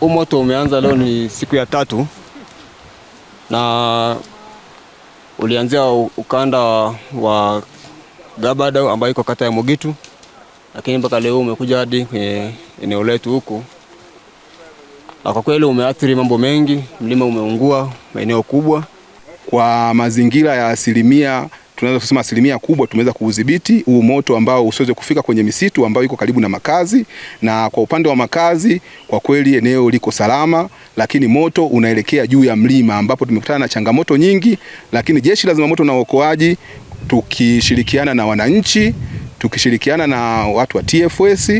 Huu moto umeanza leo, ni siku ya tatu na ulianzia ukanda wa Gabada ambayo iko kata ya Mugitu, lakini mpaka leo umekuja hadi kwenye eneo letu huku, na kwa kweli umeathiri mambo mengi. Mlima umeungua maeneo kubwa kwa mazingira ya asilimia tunaweza kusema asilimia kubwa tumeweza kuudhibiti huu moto ambao usiweze kufika kwenye misitu ambayo iko karibu na makazi. Na kwa upande wa makazi, kwa kweli eneo liko salama, lakini moto unaelekea juu ya mlima ambapo tumekutana na changamoto nyingi, lakini Jeshi la Zimamoto na Uokoaji tukishirikiana na wananchi, tukishirikiana na watu wa TFS,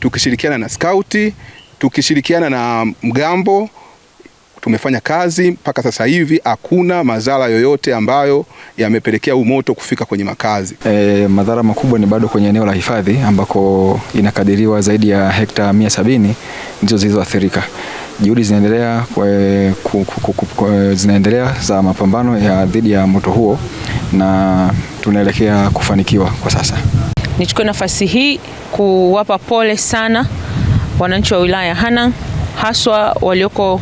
tukishirikiana na skauti, tukishirikiana na mgambo tumefanya kazi mpaka sasa hivi hakuna madhara yoyote ambayo yamepelekea huu moto kufika kwenye makazi. E, madhara makubwa ni bado kwenye eneo la hifadhi ambako inakadiriwa zaidi ya hekta mia sabini ndizo zilizoathirika. Juhudi zinaendelea e, e, zinaendelea za mapambano ya dhidi ya moto huo na tunaelekea kufanikiwa kwa sasa. Nichukue nafasi hii kuwapa pole sana wananchi wa wilaya Hanang' haswa walioko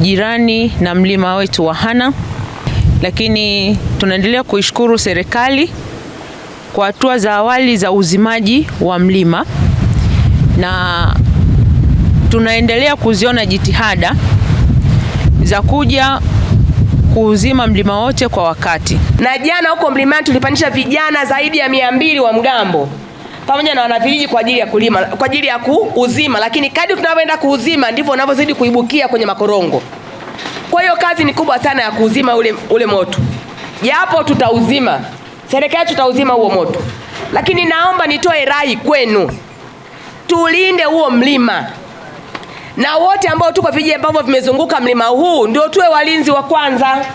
jirani na mlima wetu wa Hana, lakini tunaendelea kuishukuru serikali kwa hatua za awali za uzimaji wa mlima na tunaendelea kuziona jitihada za kuja kuuzima mlima wote kwa wakati. Na jana huko mlimani tulipandisha vijana zaidi ya mia mbili wa mgambo pamoja na wanavijiji kwa ajili ya kulima, kwa ajili ya kuuzima, lakini kadri tunavyoenda kuuzima ndivyo unavyozidi kuibukia kwenye makorongo. Kwa hiyo kazi ni kubwa sana ya kuuzima ule, ule moto, japo tutauzima, serikali tutauzima huo moto, lakini naomba nitoe rai kwenu, tulinde huo mlima na wote ambao tuko vijiji ambavyo vimezunguka mlima huu ndio tuwe walinzi wa kwanza.